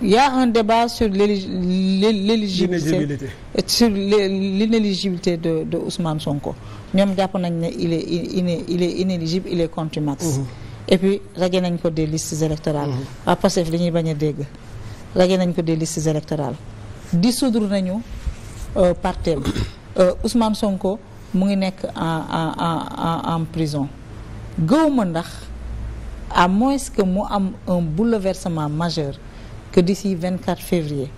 il y a un débat sur l'éligibilité sur l'inéligibilité de de Ousmane Sonko ñoom jàpp nañ ne il est il est inéligible il est contumace. Mm-hmm. et puis radié nañ ko des listes électorales. Mm-hmm. waa Pastef li ñuy bañ a dégg radié nañ ko des listes électorales. dissoudre nañu euh, partem euh, Ousmane Sonko mu ngi nekk en en en en prison gëwuma ndax à moins que mu am un bouleversement majeur. que d'ici 24 février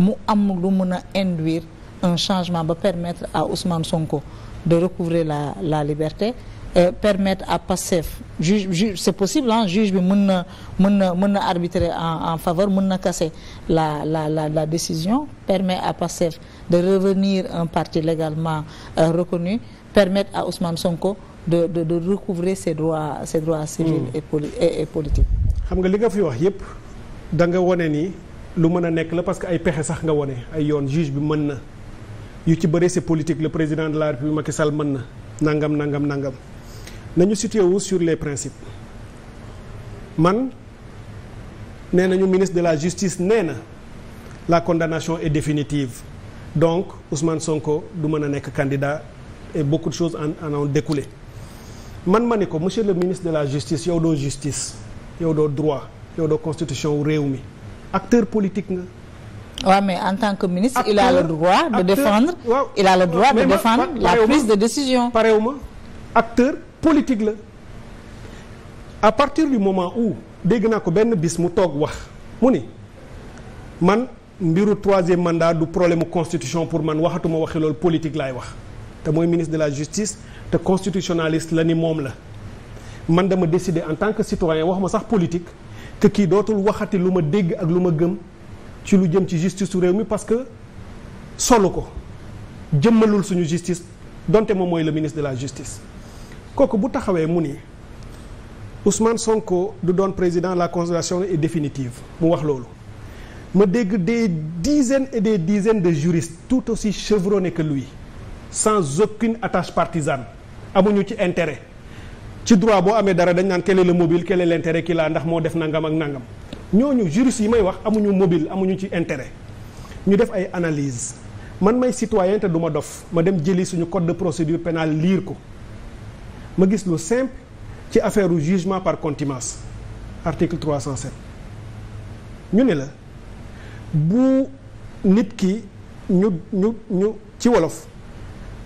mu am lu mën a induire un changement ba permettre à Ousmane Sonko de recouvrer la la liberté et euh, permettre à Pastef juge juge c'est possible ah juge bi mën na mën na mën na arbitrer en en faveur mën na casser la la la la décision permet à Pastef de revenir un parti légalement euh, reconnu permettre à Ousmane Sonko de de de recouvrer ses droits hmm. et, poli et et xam nga li nga da nga wone ni lu mën a nekk la parce que ay pexe sax nga wone ay yoon juge bi mën na yu ci bëri c'est politique le président de la république Macky sal mën na nangam nangam nangam nañu situé wu sur les principes man nee nañu ministre de la justice nee na la condamnation est définitive donc Ousmane Sonko du mën a nekk candidat et beaucoup chose en en ont découlé man ma ni ko monsieur le ministre de la justice yow doo justice yow doo droit. yow doo constitution wu réew mi acteur politique nga. waaw mais en tant que ministre acteur, il a le droit de acteur, défendre il a le droit de défendre la prise de décision parewuma acteur politique la à partir du moment où dégg naa ko benn bis mu toog wax mu ni man mbiru troisième mandat du problème constitution pour man waxatuma waxi loolu politique laay wax te mooy ministre de la justice te constitutionaliste la ni moom la man dama décider en tant que citoyen waxuma sax politique te kii dootul waxati lu ma dégg ak lu ma gëm ci lu jëm ci justice su réew mi parce que solu ko jëmmalul suñu justice donte moom mooy le ministre de la justice kooku bu taxawee mu ni Ousmane Sonko du doon président la considération est définitive mu wax loolu ma dégg des dizaines et des dizaines de juristes tout aussi chevronnés que lui sans aucune attache partisane amuñu ci intérêt ci droit boo amee dara dañ naan quel est le mobile quel est l' intérêt kii laa ndax moo def nangam ak nangam ñooñu juriste yi may wax amuñu mobile amuñu ci intérêt ñu def ay analyse man may citoyen te du ma dof ma dem jëli suñu code de procédure pénale lire ko ma gis lu simple ci affaire u jugement par contumace article 307 ñu ne la bu nit ki ñu ñu ñu ci wolof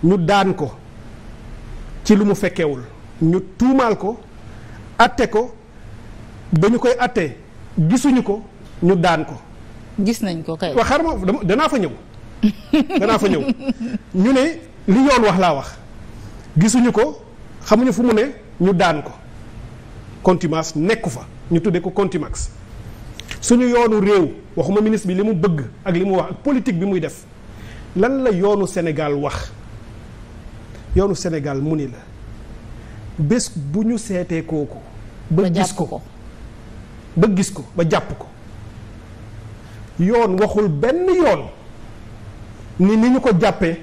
ñu daan ko ci lu mu fekkewul ñu tuumaal ko atte ko ba ñu koy attee gisuñu ko ñu daan ko. gis nañ ko kay. waaw xar ma danaa fa ñëw danaa fa ñëw ñu ne li yoon wax laa wax gisuñu ko xamuñu fu mu ne ñu daan ko contumace nekku fa ñu tuddee ko contumax suñu yoonu réew waxuma ministre bi li mu bëgg ak li mu wax ak politique bi muy def lan la yoonu senegal wax yoonu senegal mu ni la. bés bu ñu seetee kooku. ba gis ko ba gis ko ba jàpp ko. yoon waxul benn yoon ni ni ñu ko jàppee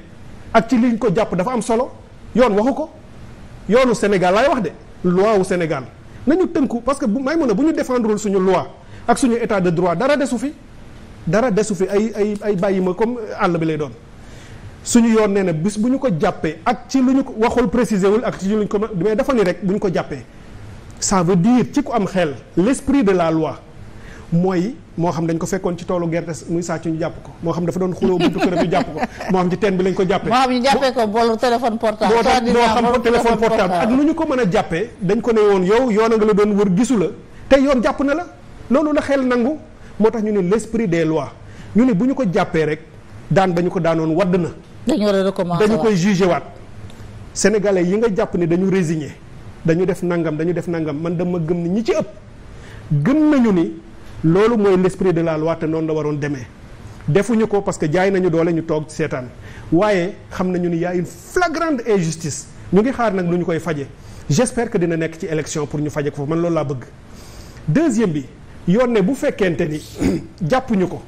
ak ci liñ ko jàpp dafa am solo yoon waxu ko yoonu Sénégal laay wax de loi wu Sénégal nañu tënku parce que bu may mën a bu ñu défendrul suñu loi ak suñu état de droit dara desu fi dara desu fi ay ay ay bàyyi ma comme àll bi lay doon. suñu yoon nee na bis bu ñu ko jàppee ak ci lu ñu ko waxul préciser wul ak ci lu ñu mais dafa ni rek bu ñu ko jàppee ça veut dire ci ku am xel l'esprit de la loi mooy moo xam dañ ko fekkoon ci toolu gerte muy sàcc ñu jàpp ko moo xam dafa doon xuloo buntu këram ñu jàpp ko moo xam ci teen bi lañ ko jàppee. moo xam ñu jàppee ko boolu téléphone portable. moo xam téléphone portable ak ko mën a jàppee dañ ko ne woon yow yoon a nga la doon wër gisu la te yoon jàpp na la loolu la xel nangu moo tax ñu ne l'esprit des lois ñu ne bu ñu ko jàppee rek daan ba ñu ko daanoon wadd na dañu war a recommencer koy jugé waat. sénégalais yi nga jàpp ni dañu résigné dañu def nangam dañu def nangam man dama gëm ni ñi ci ëpp gëm nañu ni loolu mooy l'esprit de la loi te noonu la waroon demee. defuñu ko parce que jaay nañu doole ñu toog seetaan waaye xam nañu ni y a une flagrante injustice ñu ngi xaar nag lu ñu koy faje j'espère que dina nekk ci élection pour ñu faje ko foofu man loolu laa bëgg. deuxième bi yoon ne bu fekkente ni jàppuñu ko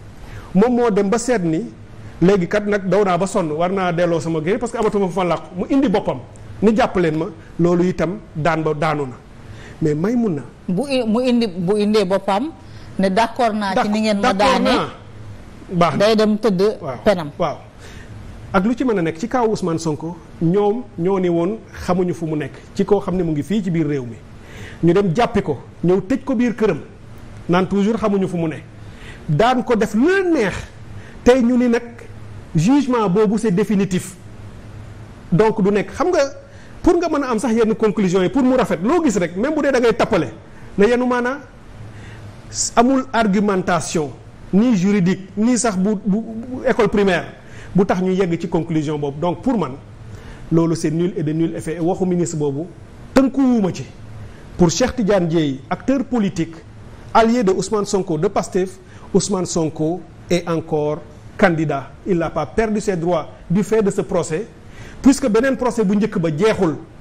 moom moo dem ba seet ni. léegi kat nag daw naa ba sonn war naa delloo sama géej parce que amatuma fa làqu mu indi boppam ni jàppaleen ma loolu itam daan ba daanu na mais may mun na. bu mu indi bu indee boppam ne d'accord naa. ci ni ngeen ma daane baax day dem tëdd. penam waaw. ak lu ci mën a nekk ci kaw Ousmane Sonko ñoom ñoo ne woon xamuñu fu mu nekk ci koo xam ne mu ngi fii ci biir réew mi ñu dem jàppi ko ñëw tëj ko biir këram naan toujours xamuñu fu mu ne daan ko def lu neex tey ñu ni nag. jugement boobu c'est définitif donc du nekk xam nga pour nga mën a am sax yenn conclusion yi pour mu rafet loo gis rek même bu dee da ngay tappale na yenu maanaa amul argumentation ni juridique ni sax bu bu école primaire bu tax ñu yegg ci conclusion boobu donc pour man loolu c'est nul et de nul effet waxu ministre boobu tënkuwuma ci pour Cheikh Tidiane Dièye acteur politique allié de Ousmane Sonko de Pastef Ousmane Sonko et encore candidat il n'a pas perdu ses droits du fait de ce procès puisque beneen procès bu njëkk ba jeexul